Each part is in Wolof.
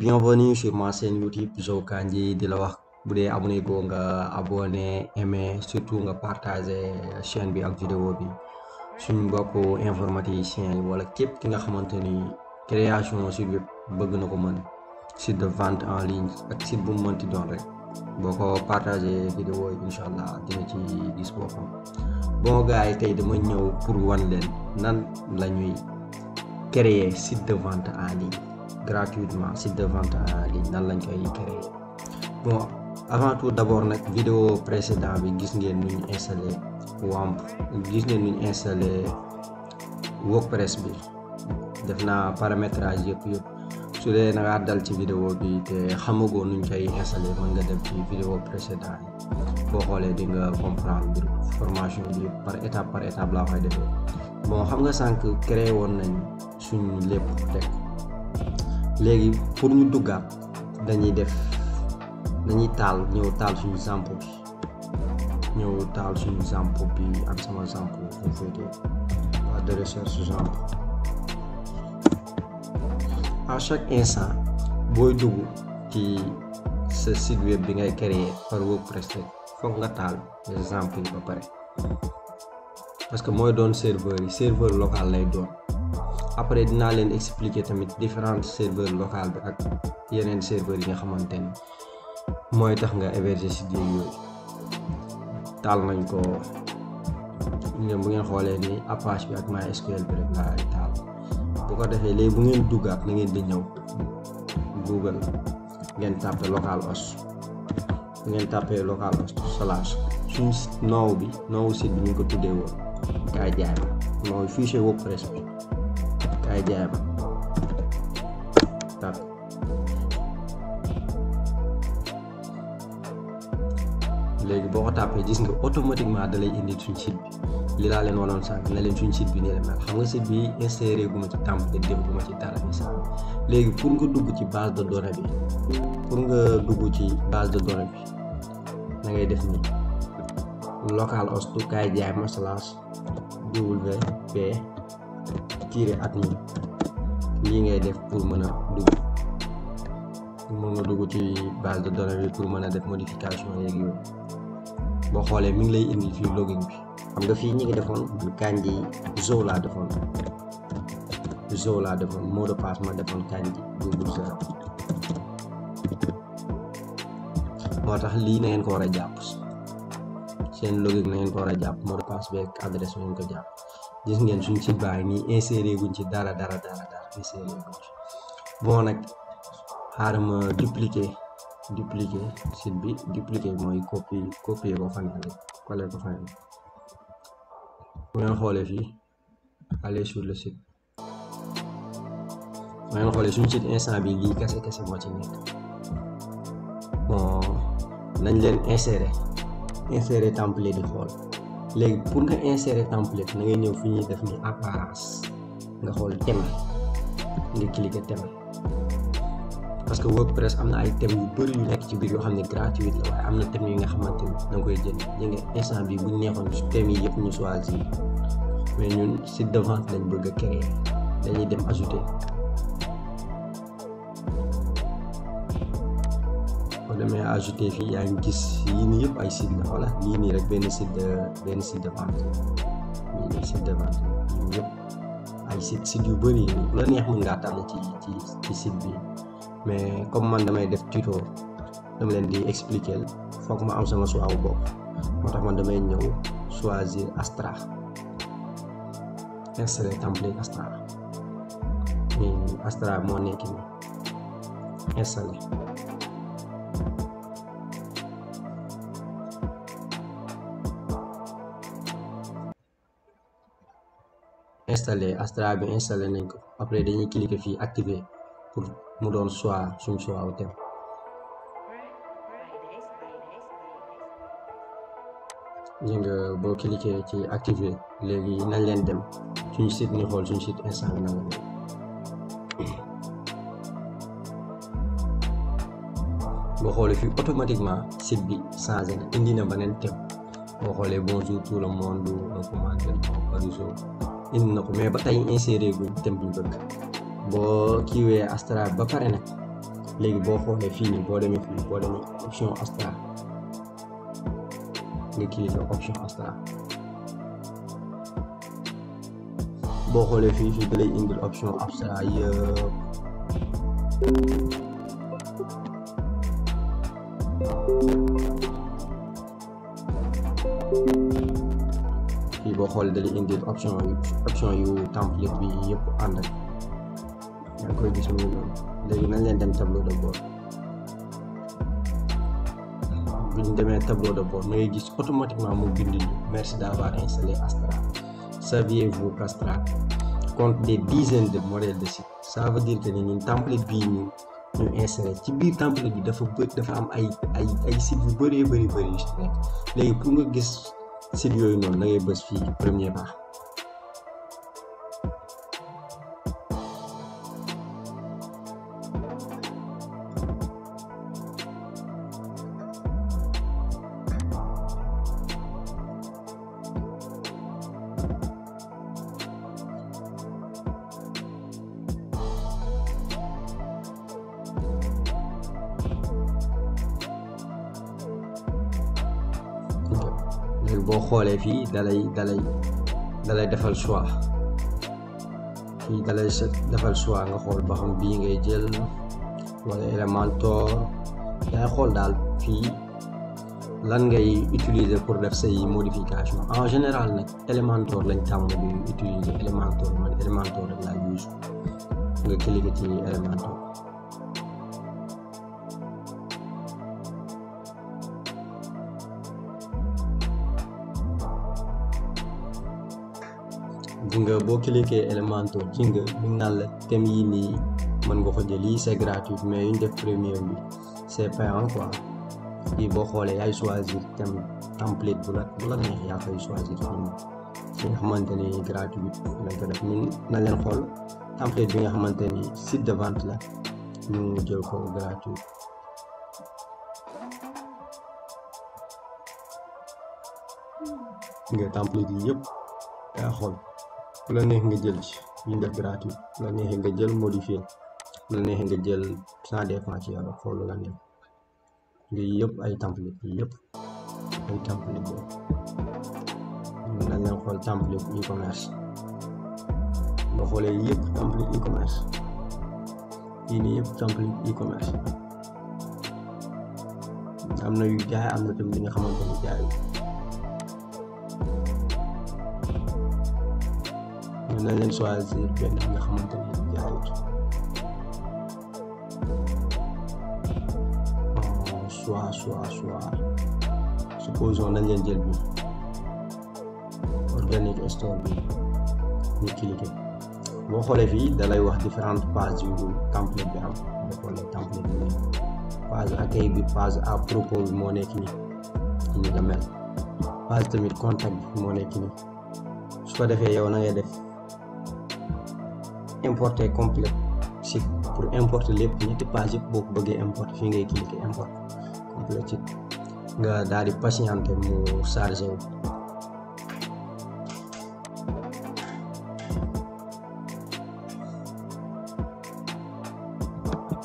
bienvenue sur ma chaîne YouTube Zo Kandji di la wax bu dee abonné goo nga abonné aimé surtout nga partager chaîne bi ak vidéo bi suñ mbokk informaticien yi wala képp ki nga xamante ni création site web bëgg na ko mën site de vente en ligne ak site bu mu mënti doon rek boo ko partagé vidéo yi incha allah dina ci gis boppam bon gars tey dama ñëw pour wan leen nan la ñuy créer site de en ligne gratuitement site de vente en lañ koy créer bon avant tout d'abord nag vidéo précédent bi gis ngeen nu ñu installé WAMP gis ngeen nu ñu installé WordPress bi def naa paramétrage yëpp yëpp su dee na nga dal ci vidéo bi te xamagoo nuñ koy installé mën nga dem ci vidéo précédent yi boo xoolee di nga comprendre formation bi par étape par étape laa koy defee bon xam nga sànq créé woon nañ suñ lépp léegi pour ñu duggaat dañuy def dañuy taal ñëw taal suñu sampo bi ñëw taal suñu sampo bi ak sama sampo bu fekkee waa de recherche sampo à chaque instant booy dugg ci sa site web bi ngay créer par WordPress foog nga taal sampo yi ba pare parce que mooy doon serveur yi serveur local lay doon. après dinaa leen expliquer tamit différent serveurs local bi ak yeneen serveurs yi nga xamante ni mooy tax nga héberger si diir yooyu taal nañ ko ngeen bu ngeen xoolee ni Apache bi ak MySQL bi rek laa taal bu ko defee léegi bu ngeen duggaat na di ñëw Google ngeen local localhost ngeen tàppee localhost slash suñ noow bi noowu site bi ñu ko tuddee woon kaay jaay ma noowu fichier WordPress bi I jam tak léegi boo ko tàppee gis nga automatiquement da lay indi suñ site bi li laa leen wanoon sànq na leen suñ site bi nii la mel xam nga site bi inséré gu ma ci tàmp te def gu ma ci dara léegi pour nga dugg ci base de données bi pour nga dugg ci base de données bi da def nii local host kaay jaay ma slash wp tirer at mi lii ngay def pour mën a dugg mën nga dugg ci base de données bi pour mën a def modification yeeg yooyu boo xoolee mi ngi lay indi fii login bi xam nga fii ñi ngi defoon kanji zoo laa defoon zoo laa defoon mot de passe ma defoon kanji google zero moo tax lii na ngeen ko war a jàpp seen login na ngeen ko war a jàpp mot de passe beeg adresse na ngeen ko jàpp gis ngeen suñ site baa ngi nii inséré guñ ci dara dara dara dara inséré ci bon nag xaaral ma dupliquer dupliquer site bi dupliquer mooy copier copier ko faneen coller ko faneen bu ngeen xoolee fii aller sur le site bu ngeen xoolee suñ site instant bi lii kese kese moo ci nekk bon nañ leen insérer insérer template di xool léegi pour nga insérer template na ngay ñëw fi ñuy def ni apparence nga xool thème nga cliquer thème parce que WordPress am na ay thèmes yu bëri yu nekk ci biir yoo xam ne gratuit la waaye am na thèmes yi nga xamante ni da nga koy jënd ñu ngi instant bi bu neexoon su thèmes yi yëpp ñu choisir mais ñun site de vente lañ bëgg a créer dañuy dem ajouter. demee ajouté fii yaa ngi gis yii nii yëpp ay site la voilà yii nii rek benn site de benn site de vente yii nii site de vente yii yëpp ay site site yu bëri yi la neex mën ngaa tànn ci ci ci site bi mais comme man damay def tuto dama leen di expliquer foog ma am sama suwaawu bopp moo tax man damay ñëw choisir Astra installer template Astra nii Astra moo nekk nii installer installé Astra bi installé nañ ko après dañuy cliquer fii activer pour mu doon choix suñu choix wu thème ñu nga boo cliquer ci activer léegi nañ leen dem suñu site ñu xool suñu site instant na la boo xoolee fii automatiquement site bi changé na indi na beneen thème boo xoolee bonjour tout le monde un commentaire un indi na ko mais ba tey inséré guñ thème bi ñu bëgg boo kiiwee Astra ba pare nag léegi boo xoolee fii nii boo demee fii boo demee option Astra nga cliqué option Astra boo xoolee fii fii da lay indil option Astra yëpp boo xoolee da lay indil option yu option yu template bi yëpp ànd ak yaa koy gis mu ngi noonu léegi nañ leen dem tableau de bord bu ñu demee tableau de bord ngay gis automatiquement mu bind ñu merci d'avoir installé Astra saviez-vous qu'Astra compte des dizaines de modèles de sites ça dire que ni ñun template bii ñu ñu installé ci biir template bi dafa bë am ay ay ay sites yu bëree bëri léegi pour nga gis. site yooyu noonu da ngay bës fii premier boo xoolee fii dalay dalay dalay defal choix fii dalay defal choix nga xool ba xam bii ngay jël wala Elementor yaay xool daal fii lan ngay utiliser pour def say modification en général nag Elementor lañ tàmm di utiliser Elementor man Elementor rek laa use ci Elementor nga boo cliquer Elementor ci nga mi la thème nii mën nga ko jël yi c'est gratuit bi boo xoolee yaay choisir thème template bu la bu nga ci gratuit na leen xool template bi nga xamante ni site de vente la ñu jël ko gratuit nga template yi yëpp yaa xool bu la neex nga jël ci ñu def gratuit bu la nga jël modifier bu la neexee nga jël ça dépend ci yow xool la neex yii yëpp ay template yii yëpp ay template ñu dañ leen xool template e-commerce boo xoolee yëpp template e-commerce yii yëpp template e-commerce am na yu jaay am na tamit li nga xamante jaay dina leen choisir benn bi nga xamante euh, leen jël bi organique store bi ñu boo xoolee fii dalay wax différentes pages yu template bi am boo xoolee template bi nii page accueil bi page à moo nekk nii ni nga tamit contact bi moo nekk nii su ko defee yow na def importer complet si pour importer lépp ñetti page yëpp boo ko bëggee importer fii ngay kii import complet si nga daal di patienter mu chargé wu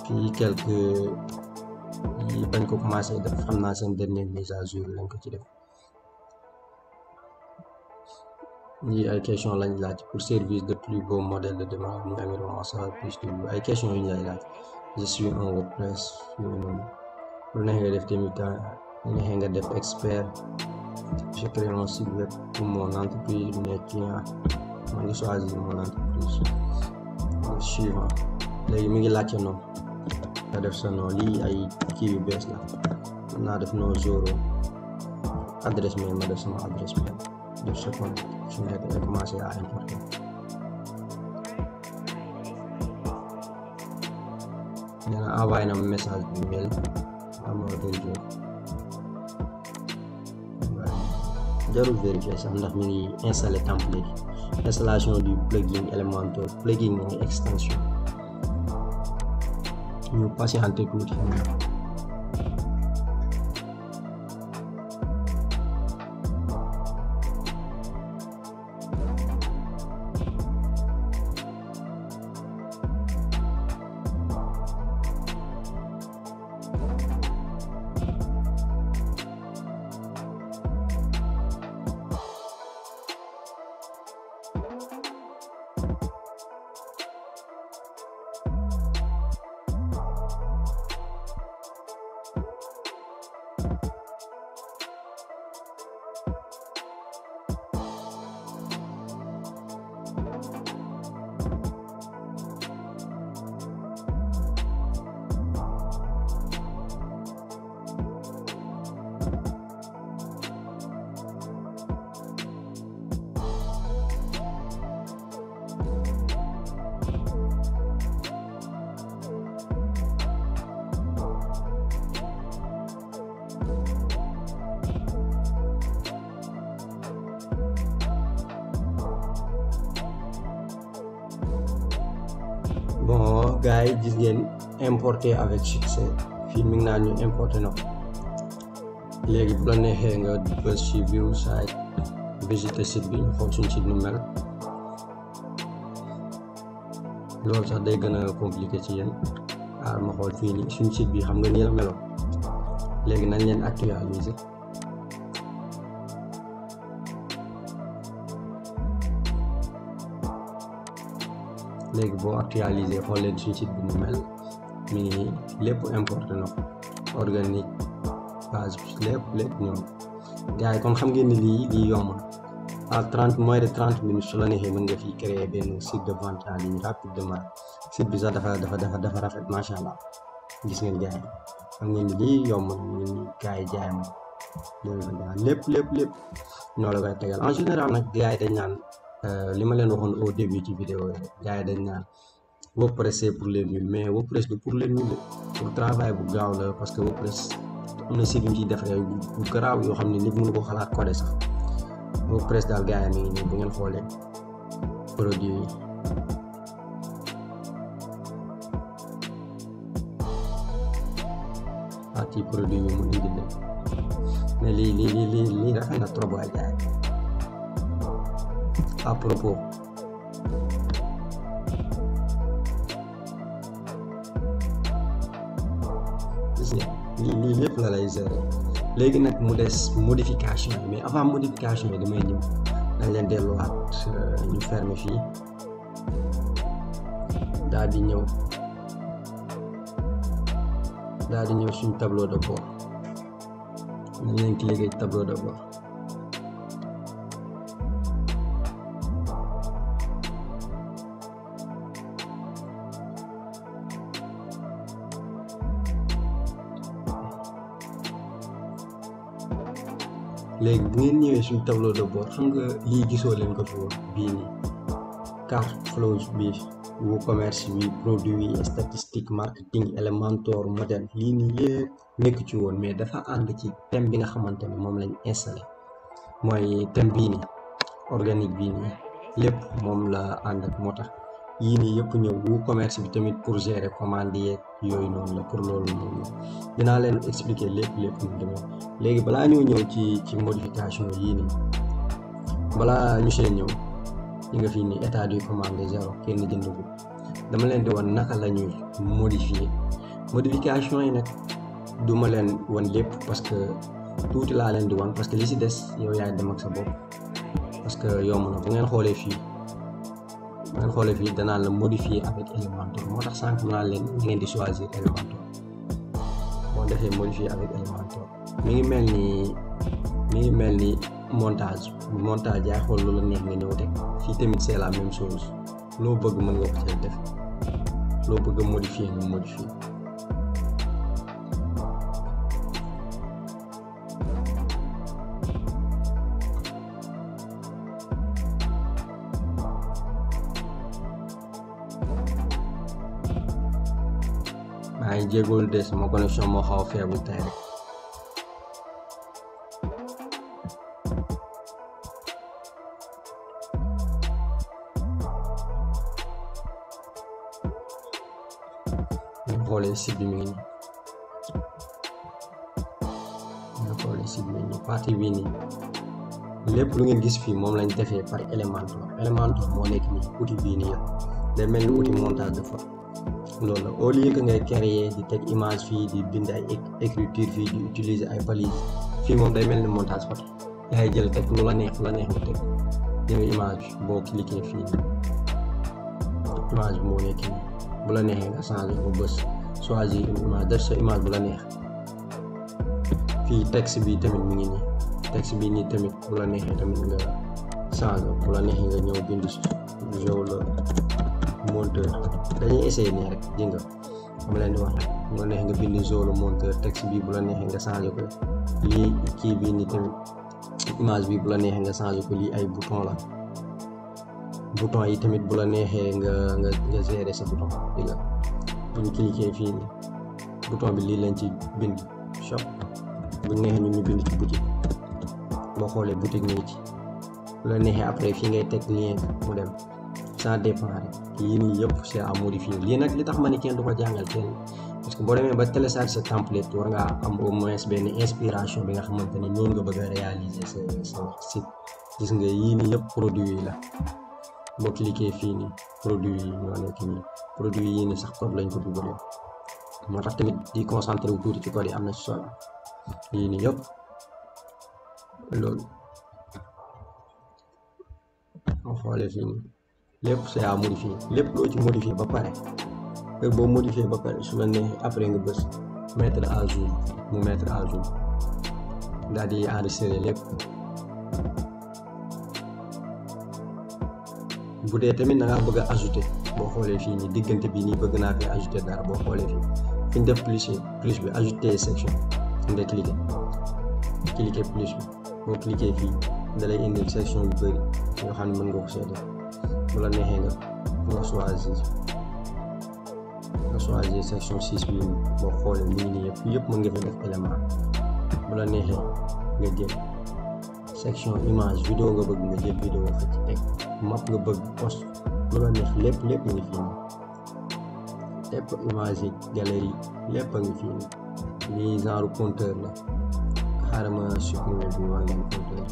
fii quelque bañ ko commencé def xam naa seen dernière mise à jour lañ ko ci def lii ay question lañ laaj pour service de plus beau modèle de demande ñu environnement sera plus de ay question yu ñu lay laaj je suis un WordPress yooyu noonu lu neexee def débutant ah, lu nga def expert je crée mon site web ngi choisir mon entreprise suivant ngi laajte noonu nga def sa noonu lii ay kii yu la mën naa def noo zoro adresse ma def sama adresse de seconde suñu nekk dafay commencé à importer nee na envoyé message bi mail amoo vérifié jarul vérifier sax ndax ñu ngi installé template installation du plugin Elementor plugin mooy extension ñu patienté tuuti gars yi gis ngeen importé avec succès fii mi ngi naa ñu importé na ko léegi bu la neexee nga bës ci view site visité site bi ñu xool suñ site nu mel loolu sax day gën a compliqué ci yéen aar ah, xool fii nii suñ site bi xam nga nii la meloon léegi nañ leen actualiser léegi boo actualisé xool leen suñu site bi nu mel mi lépp importé na ko organique page lépp lépp ñëw yi kon xam ngeen ni yomb à trente moins trente minutes la neexee mën nga fi créer benn site de vente en ligne dafa dafa dafa dafa rafet macha allah gis ngeen gars yi yomb ñun gars yi jaay ma lépp tegal en général nag gars yi dañ naan. Euh, li ma leen waxoon au début ci vidéo yi gars yi dañ naan WordPress c'est pour les nuls mais WordPress du pour les nuls pour travail bu gaaw la parce que WordPress am na site yu ciy defaree bu garaaw yoo xam ne nit mënu ko xalaat codé sax WordPress daal gars yi nii bu ngeen xoolee produit yi. partie produit bi mu mais lii lii lii lii rafet na trop ay gars à propos. lii lii lépp la lay gérer léegi nag mu des modification yi mais avant modification yi damay lim dañ leen delluwaat euh, ñu fermer fii daal di ñëw daal di ñëw suñu tableau de bord dañ leen cliquer tableau de bord suñu tableau de bord xam nga lii gisoo leen ko fi woon bii nii cash flows bi wu commerce bi produit yi statistique marketing Elementor modèle lii nii yëpp nekk ci woon mais dafa ànd ci thème bi nga xamante moom lañ installé mooy thème bii nii organique bii nii lépp moom la ànd ak moo tax yii nii yëpp ñëw bu commerce bi tamit pour gérer commande yeeg yooyu noonu la pour loolu noonu dinaa leen expliquer lépp lépp nu demee léegi balaa ñoo ñëw ci ci modification yii nii balaa ñu see ñëw ñu nga fi nii état du commande zéro kenn jënd ko dama leen di wan naka la ñuy modifier modification yi nag du ma leen wan lépp parce que tuuti laa leen di woon parce que li si des yow yaay dem ak sa bopp parce que yomb na bu ngeen xoolee fii. nga xoolee fii danaan la modifier avec Elementor moo tax sànq naa leen da ngeen di choisir Elementor boo defee modifier avec Elementor mi ngi mel ni mi mel ni montage montage yaay xool lu la neex nga ñëw teg fii tamit c'est la même chose loo bëgg mën nga ko cay def loo bëgg modifier nga modifier. jéegoolu sama connexion moo a faible tey rek xoolee lépp lu ngeen gis fii moom lañ defee par Elementor Elementor moo nekk nii outil bii nii yow day mel ni outil montage de photo loolu la au lieu que ngay créer di teg image fii di bind ay écriture fii di utiliser ay valise fii moom day mel ni montage photo yaay jël teg lu la neex la neex nga teg jëmee image fii image moo nekk la neexee nga changer ko bës choisir une def sa image bu la neex fii texte bi tamit mu ngi nii texte bi nii tamit bu la neexee tamit nga changer bu la neexee nga ñëw bind si monteur dañuy essayer nii rek ji nga ma leen di wax rek nga bind Zolo monteur texte bi bu la neexee nga changé ko lii kii bi nii tamit image bi bu la neexee nga changé ko lii ay bouton la bouton yi tamit bu la neexee nga nga nga gérer sa bouton bi nga bu ñu cliquer fii bi lii lañ ci bind shop bu neexee ñun ñu bind ci boutique xoolee boutique nii ci bu la neexee après fii ngay teg lien mu dem ça dépend rek yii nii yëpp c'est à modifier lii nag li tax ma ne kenn du ko jàngal kenn parce que boo demee ba télécharge sa template war ngaa am au benn inspiration bi nga xamante ne noonu nga bëgg a réaliser sa sa site gis nga yii nii yëpp produit yi la boo cliquer fii nii produit yi ñoo produit yii nii sax code lañ ko dugalee moo tax tamit di concentré wu tuuti ci ko yi am na ci solo yii nii yëpp loolu moo xoolee fii nii lépp c'est à modifier lépp loo ci modifier ba pare heure boo modifier ba pare su la neexee après nga bës mettre à jour mu mettre à jour daal di enregistrer lépp bu dee tamit na nga bëgg a boo xoolee fii nii diggante bi nii bëgg naa fi ajouter dara boo xoolee fii fi def plus plus bi ajouter section nga cliquer cliquer plus bi boo cliquer fii da lay indil section yu xam ne mën nga ko seetee su la neexee nga nga choisir nga section 6 bi boo xoolee mu ngi nii yëpp yëpp mën nga fi def élément bu la neexee nga jël section image vidéo nga bëgg nga jël vidéo fa ci teg map nga bëgg post lu la neex lépp lépp nga fi nii image yi galerie lépp a ngi fi genre compteur la xaaral ma supprimé bi waa ngeen compteur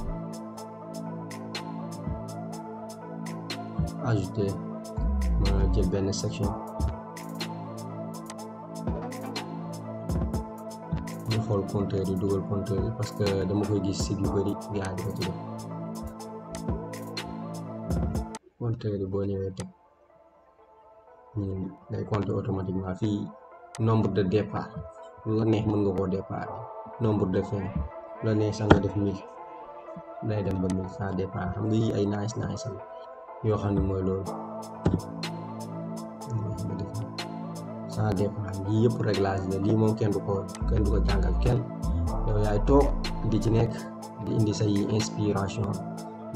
ajouté ma jël benn section ñu xool compteur yi dugal compteur yi parce que dama koy gis site yu bëri gaa yi ko ci def compteur yi boo ñëwee teg ñun day compter automatiquement fii nombre de départ lu la neex mën nga koo départ nombre de fin la neex sax def mille day dem ba mille sans départ xam nga yii ay nice nice la yoo xam ne mooy loolu sans dépense lii yëpp réglage la lii moom kenn du ko kenn du ko jàngal kenn yow yaay toog di ci nekk di indi say inspiration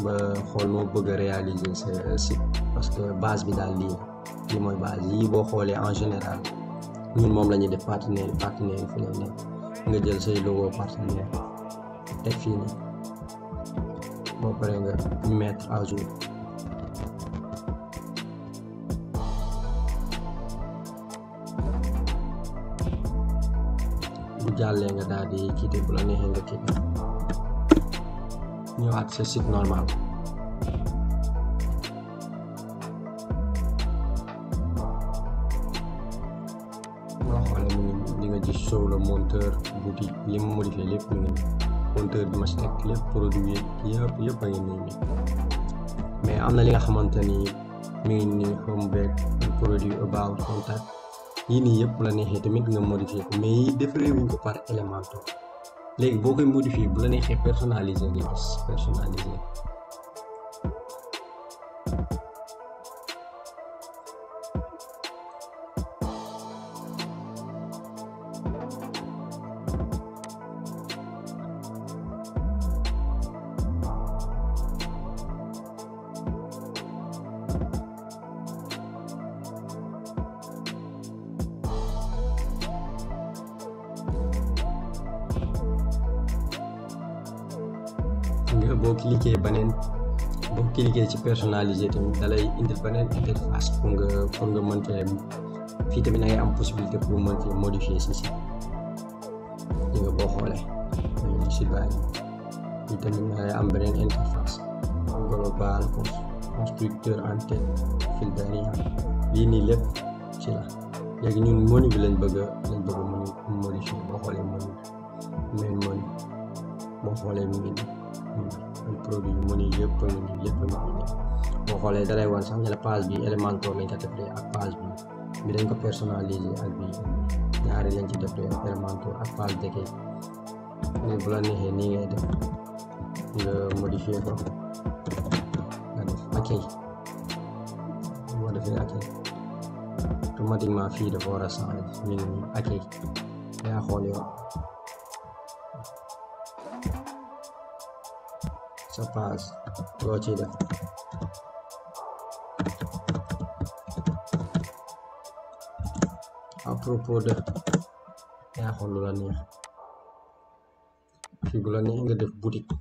ba xool moo bëgg a réaliser sa site parce que base bi daal lii lii mooy base yii boo xoolee en général ñun moom la ñuy def partenaire partenaire fu ne nekk nga jël say logo partenaire teg fii nii boo paree nga mettre à jour jàllee nga daal di quitté bu nga quitté ñëwaat sa site normal boo mu ngi di nga gis show la monteur boutique li mu modifié lépp mu ngi monteur bi ma si nekk lépp produit yëpp yëpp a ngi nii nii mais am na li nga xamante ni mi ngi nii home produit about contact yii nii yëpp la neexee tamit nga modifier ko mais yi defaree wuñ ko par Elementor léegi boo koy modifier bu la neexee personnaliser nga gis personnaliser personnalisé tamit da lay indi beneen interface pour nga pour nga mën cee ngay am possibilité pour mën cee modifier si site bi nga boo xoolee bàyyi fii tamit da ngay am beneen interface global constructeur en tête fil lii nii lépp ci la léegi ñun menu bi lañ bëgg lañ bëgg a modifier boo xoolee menu main menu boo xoolee mu ngi produit yu mën yi ni yëpp nga ni boo xoolee dalay woon sax ñu la page bi Elementor lañ ko defee ak page bi bi dañ ko personnalisé ak bi ñaari lañ ci defee ak Elementor ak page dëkke ne bu la nga modifier ko nga def ok boo defee ok fii dafa war a changer ñu ngi nii ok yaa xool yow sapaz Florida. à propos de yaa lu la neex fii bu nga def boutique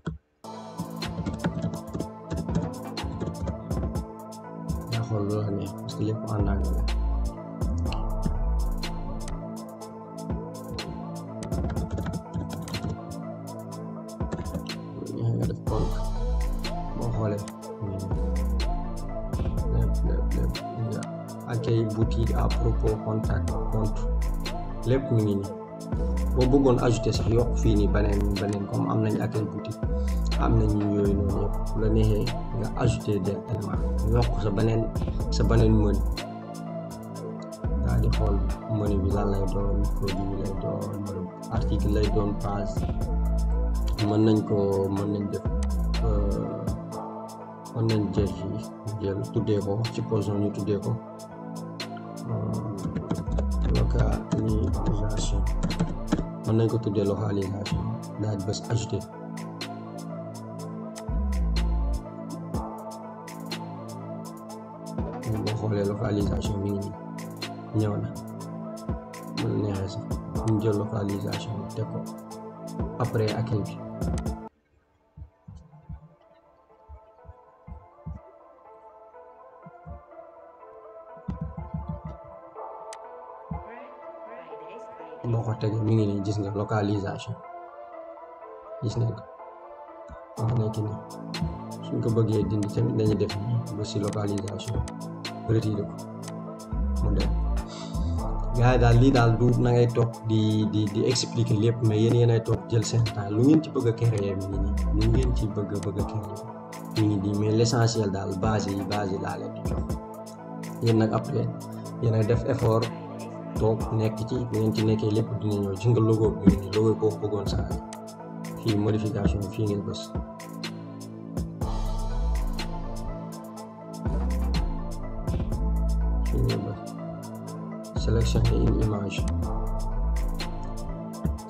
yaa lu la neex yëpp en propos contact compte lépp mu ngi nii boo bëggoon ajouté sax yokk fii nii beneen beneen comme am nañ accueil boutique am nañu yooyu noonu yëpp la neexee nga ajouté des éléments yokk sa beneen sa beneen menu daal di xool menu bi lan lay doon produit lay doon article lay doon page mën nañ ko mën nañ def euh, mën nañ jël jël tuddee ko ci position ñu tuddee ko localisation mën nañ ko tuddee localisation daal di bës ajouter boo xoolee localisation bi ngi nii ñëw na mën neexee sax ñu jël localisation teg ko après accueil bi tege mi ngi nii gis nga localisation gis nga ko suñ ko bëggee dindi tamit dañuy def si localisation retiré ko mu dem gars daal lii daal du na ngay toog di di di expliquer lépp mais yéen yéenay toog jël seen temps lu ngeen ci bëgg a créer mi ngi nii lu bëgg a bëgg a ngi nii mais l'essentiel daal base yi laa leen jox yéen nag après yéen a def effort. donc nekk ci beneen ci nekkee lépp dina ñëw gis nga logo bi ngeen logo boo bëggoon saa fii modification fii ngeen bës. fii ngeen image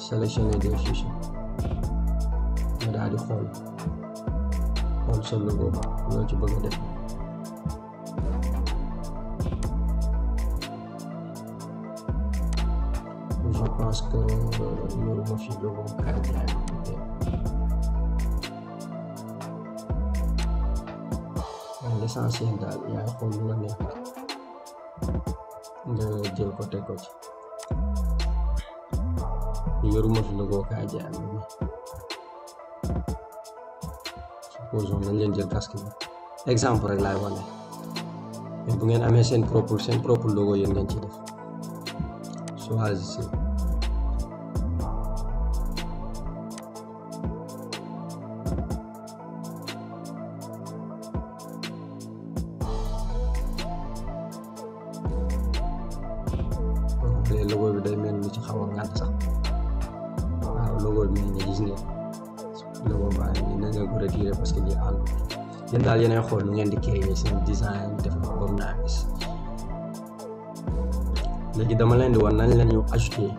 sélectionner des fichiers nga daal xool xool sa logo loo ci bëgg a def. yoru ma fi logo kagiraɓe ɗuɓɓe an l'essentiel daal yaa xool lu la neex nga jël ko teg ko ci yoruma fi logo kagiraɓe bi supposons nañ leen jël casque bi exemple rek laay wane mais bu ngeen amee seen propre seen propre logo yéen ngeen ci def choisissez daal yeneen xool nu ngeen di créer seen design def ko comme dama leen di wan nañ leen ñu ajouter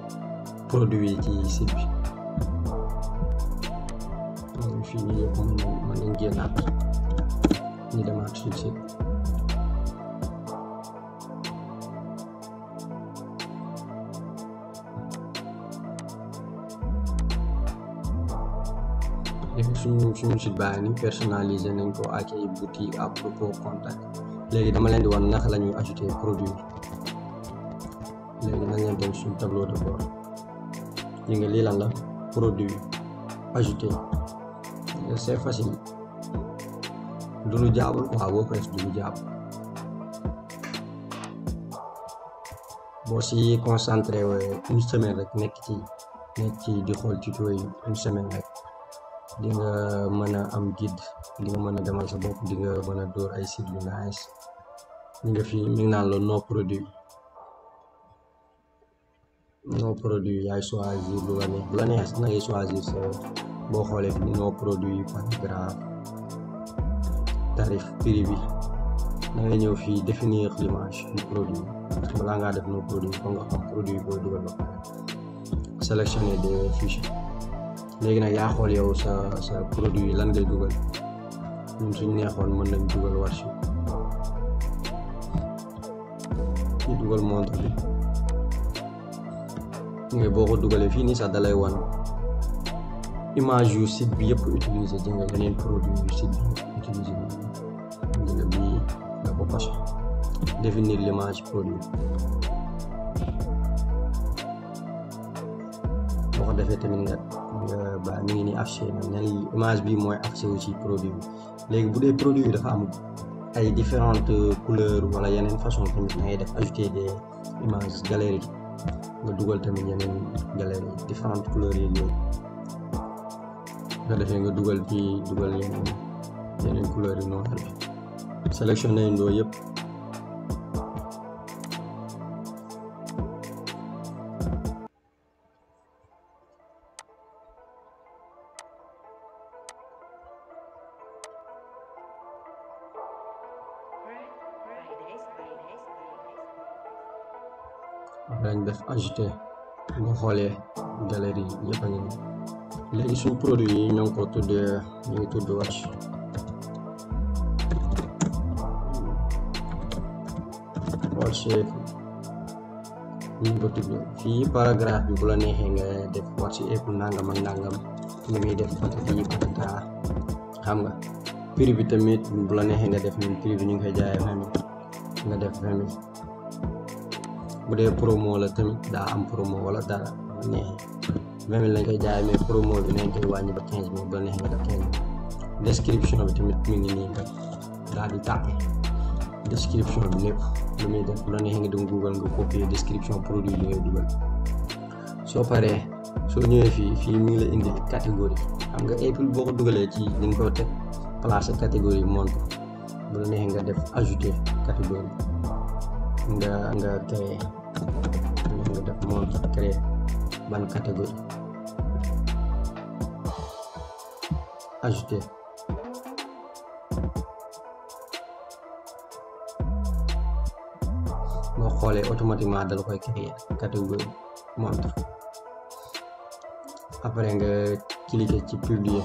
produit ci site bi membership baa ni personnalisé nañ ko ak ay boutique à propos contact léegi dama leen di wan nax la ñuy ajouté produit léegi nañ leen dem suñu tableau de bord li nga lii lan la produit ajouté c'est facile du lu jaabul quoi boo presse du lu jaab boo si concentré une semaine rek nekk ci nekk ci di xool ci yi une semaine rek di mën a am guide di mën a demal sa bopp di nga mën a door ay site yu nice ñu nga fi ñu naan la non produit non produit yaay choisir lu la neex bu la neex na choisir sa boo xoolee fi non produit paragraphe tarif prix bi da ngay ñëw fii définir l'image du produit parce que balaa ngaa def non produit ba nga xam produit booy dugal ba sélectionner des fichiers léegi nag yaa xool yow sa sa produit yi lan ngay dugal ñun suñ neexoon mën nañ dugal watch ñu dugal boo ko dugalee fii nii sax dalay wan image yu site bi yëpp utiliser ji nga produit yu site bi utiliser bi nga bii nga ko passe l'image produit boo ko defee tamit nga ba mi ni nii affiché na image bi mooy affiché wu produit bi léegi bu dee produit bi dafa am ay différentes couleur wala yeneen façon tamit da ngay def ajouter des images galerie nga dugal tamit yeneen galerie différentes couleurs yi yooyu nga defee nga dugal ci dugal yeneen yeneen couleurs yi noonu sélectionné ndoo yëpp agité boo xoolee galerie yëpp a léegi suñu produit yi ñoo ngi ko tuddee ñu ngi tudd watch watch ñu ngi ko tudd fii paragraphe bi bu la neexee nga def watch épp nangam a nangam li muy def patati yi patata xam nga prix bi tamit bu la neexee nga def ñun prix ñu ngi koy jaayee vingt nga def vingt mille bu dee promo la tamit daa am promo wala dara ne vingt mille lañ koy jaay mais promo bi nañ koy wàññi ba quinze nga def quinze description bi tamit mi ngi nii rek daal di tàppe description bi lépp lu muy def bu la neexee nga dem google nga copier description produit bi ngay dugal soo paree soo ñëwee fii fii mu ngi la indi catégorie xam nga dugalee ci li nga ko teg placé catégorie montre bu la def ajouter catégorie nga nga créer ñu def moom créé ban catégorie ajouter boo xoolee automatiquement dala koy créer catégorie montre après nga cliquer ci publier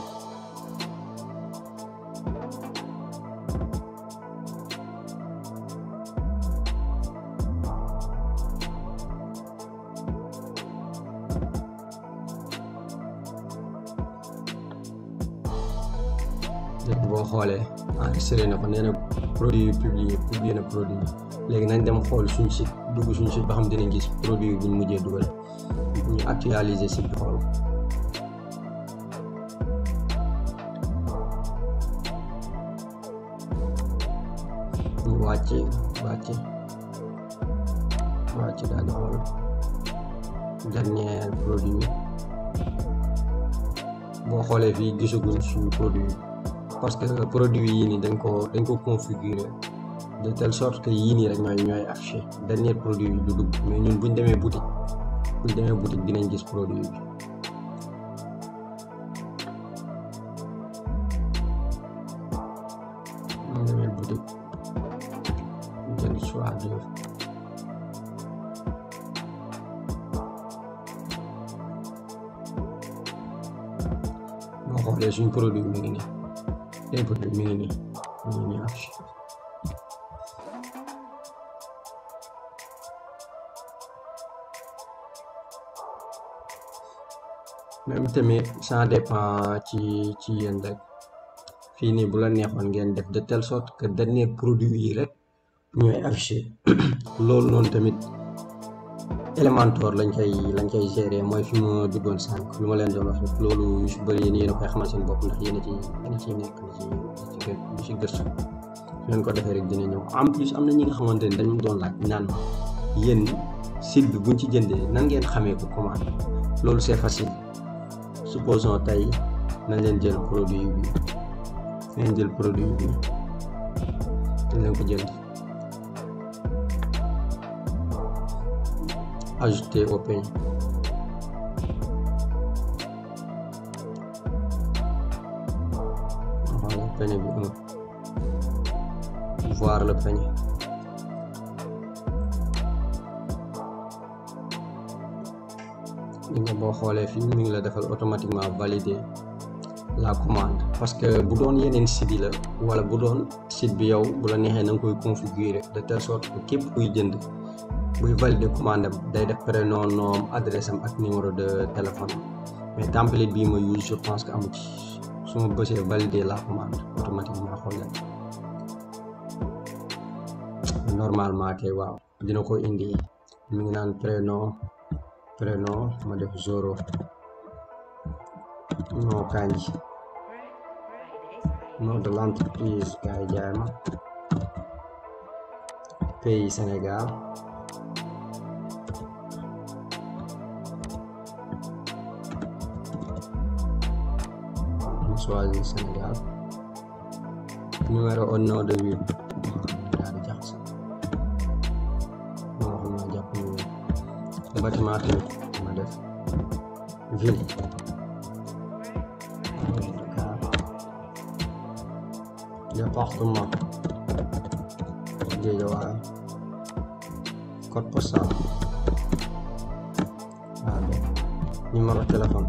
ah na ko nee produit yu publié publié na produit léegi nañ dem xool suñ site dugg suñ site ba xam dinañ gis produit yi buñ mujjee dugal ñu actualiser site bi xool ñu wàcc wàcc wàcc daal di xool dernier produit boo xoolee fii gisaguñ suñu produit parce que produit yii nii dañ koo dañ ko configurer de telle sorte que yii nii rek ñooy ñooy affiché dernier produit bi du dugg mais ñun buñ demee boutique buñ demee boutique dinañ gis produit bi buñ demee boutique jël choix de boo xoolee produit tamit ça dépend ci ci yéen rek fii nii bu la neexoon ngeen def de telle sorte que dernier produit yi rek ñooy affiché loolu noonu tamit Elementor lañ koy lañ koy gérer mooy fi ma duggoon sànq lu ma leen doon wax rek loolu yu si bëri yéen yéen koy xamal seen bopp ndax yéen ci yéen a ciy nekk ci ci gëstu leen ko defee rek dina ñëw en plus am na ñi nga xamante ne dañu doon laaj naan yéen site bi buñ ci jëndee nan ngeen xamee ko commande loolu c'est facile. supposons tey nañ leen jël produit bi nañ jël produit bi nañ leen ko jënd ajouter au panier bi voir le panier li nga boo xoolee fii mu ngi la defal automatiquement valider la commande parce que bu doon yeneen site la wala bu doon site bi yow bu la neexee na nga koy configurer de telle sorte képp kuy jënd buy valider commande day def prénom nom adresse am ak numéro de téléphone mais template bii ma use je pense que amu ci su ma bësee valider la commande automatiquement xool normalement kay waaw dina ko indi mi ngi naan prénom prénom ma def Zoro nom Kandji nom de l'entreprise gaay jaay ma pays Sénégal choisir Sénégal numéro au nom de ville bâtiment tamit ma def ville Dakar département Guédiawaye code postal allo téléphone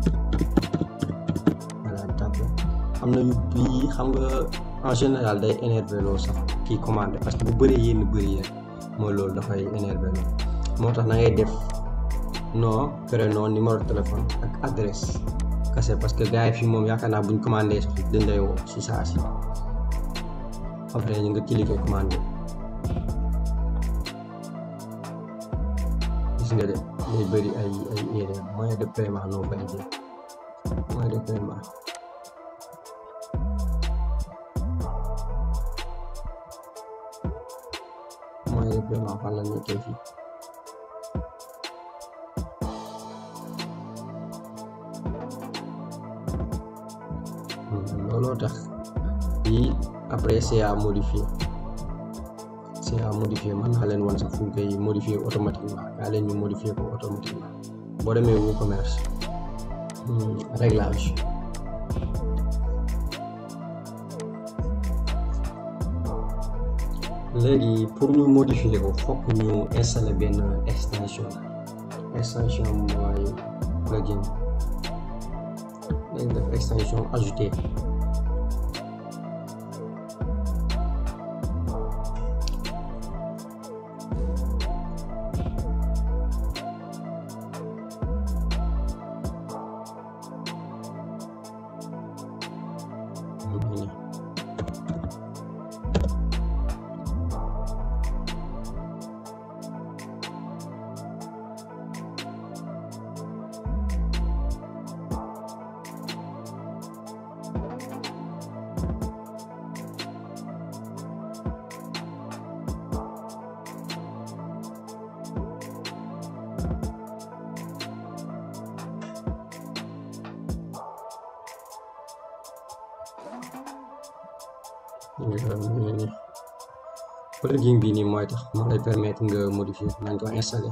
xam nga en général day énervé sax kii commandé parce que bu bëree yenn bëri yéen mooy loolu dafay énervé moo tax na def no prénom numéro de téléphone ak adresse kase parce que gars yi fii moom yaakaar naa buñ commandé dañ lay woo si saa si après ñu nga cliqué commandé gis nga de day bëri ay ay erreur moyen de paiement non validé nekkee fii Hmm, looloo tax lii après c'est à modifier c'est à modifier mën naa leen wan sax fu ñu koy automatiquement kaa leen ñu modifier ko automatiquement boo demee WooCommerce hmm, réglage léegi pour ñu modifier ko fokk ñu installer benn extension extension mooy plugin et d'intersection ajoutées. plugin bii nii mooy tax moo lay permettre nga modifier naa ngi ko installé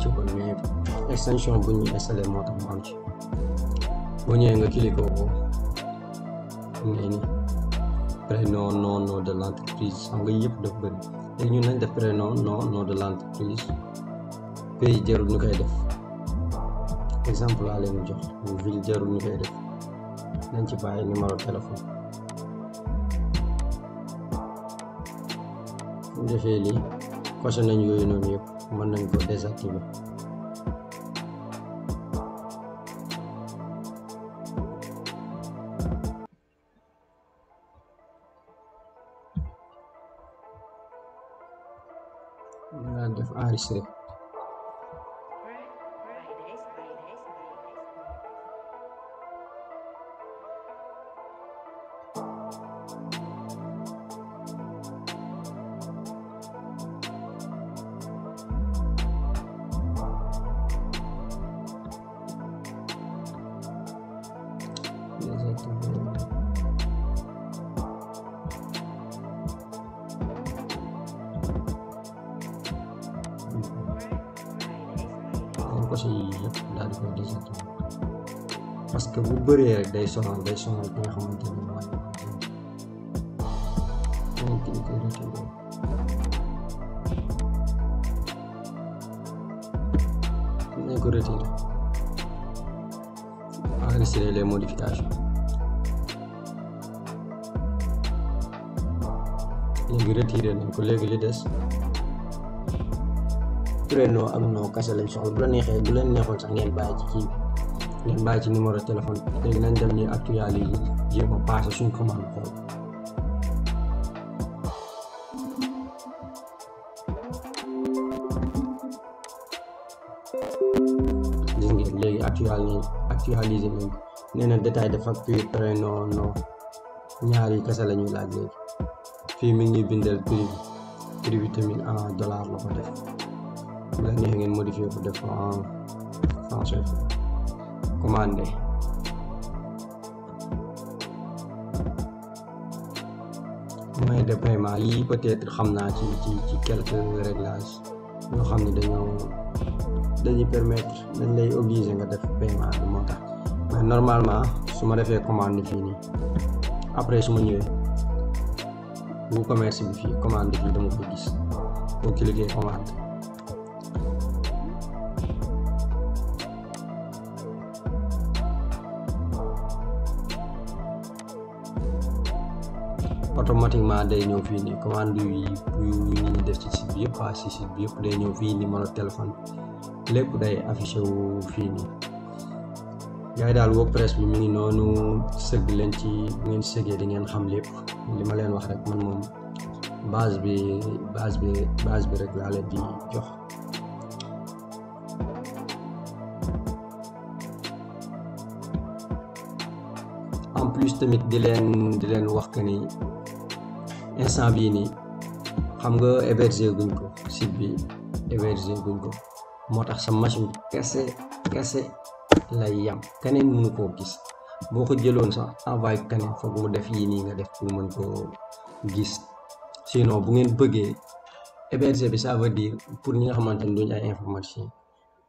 ci ko mais extension bu ñuy installé moo tax mu ci boo ñëwee nga cliqué ko nee ni prénom nom nom de l'entreprise xam nga yëpp daf bëri léegi ñun nañ def prénom nom nom de l'entreprise pays jarul ñu koy def exemple laa leen jox ville jarul ñu koy def nañ ci bàyyi numéro téléphone bu defee lii coché nañ yooyu noonu yëpp mën nañ ko désactiver Jason ang Jason ay pinakamuntin mo naman ay tinitira tuloy hindi ko retira akin sila yung modification léegi ko léegi li des turé noo am noo kase lañ soxla bu la neexee bu leen neexoon sax ngeen bàyyi ci kii ngeen bàyyi ci numéro téléphone léegi nañ dem ni actualité yi jéem a passé suñ commande xool léegi actualité actualisé nañ nee na détail de facture prénom nom ñaar yi kese léegi fii mi ngi bindal prix prix tamit en dollar la ko def bu la ngeen modifier ko def ko commandé moyen de paiement yi peut-être xam naa ci ci ci quelques ñoo xam ne dañoo dañuy permettre dañ lay obliger nga def paiement moo tax normalement su ma defee commande fii nii après su ma ñëwee bu commerce bi fii commande fii dama ko gis boo cliquer commande automatiquement day ñëw fii nii commande yu yu nit ñi def ci site bi yëpp ah si site bi yëpp day ñëw fii ni mën a lépp day affiché wu fii nii gars yi daal WordPress bi mu ngi noonu sëgg leen ci ngeen sëggee di ngeen xam lépp li ma leen wax rek man moom base bi base bi rek laa leen di jox en plus tamit di leen di leen wax que ni instant yii nii xam nga héberger guñ ko site bi héberger guñ ko moo tax sa machine kese kese lay yam keneen mënu koo gis boo ko jëloon sax envoyé keneen foog mu def yii nii nga def pour mën koo gis sinon bu ngeen bëggee héberger bi ça veut pour ñi nga xamante ne duñ ay information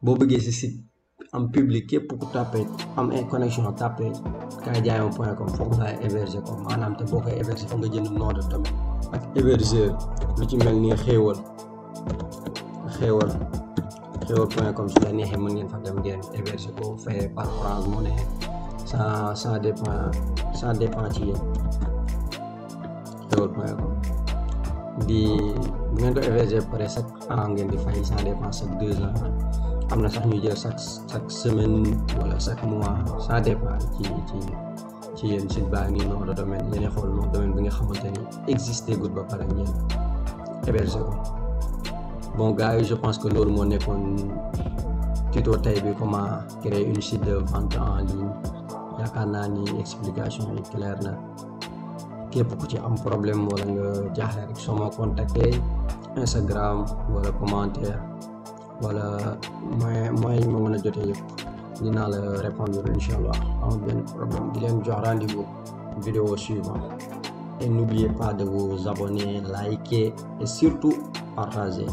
boo bëggee si site am public képp ku tàppee am ay connexion tàppee kaay jaay ma point com foog nga héberger ko maanaam te boo koy héberger foog nga jënd noode ak hébergeur lu ci mel ni xéewal xéewal xéewal point com su la neexee mën ngeen fa dem ngeen héberger ko fayee par Orange moo neexee ça ça dépend ça dépend ci yéen xéewal point com di bu ngeen ko héberger pare chaque an ngeen di fay ça dépend chaque deux ans am na sax ñu jël chaque chaque semaine wala chaque mois ci ci ci yéen site baa ngi nom de domaine yéen xool nom domaine bi nga xamante ni existé gud ba pare ngeen hébergé ko bon gars yi je pense que loolu moo nekkoon tuto tey bi comment créer une de vente en ligne yaakaar naa ni explication yi clair na képp ku ci am problème wala nga jaaxle rek soo ma contacté Instagram wala commentaire wala moyen moyen yi ma a jotee yëpp dinaa la répondre incha allah amul benn problème di leen jox rendez-vous vidéo suivant et n'oubliez pas de vous abonner surtout partager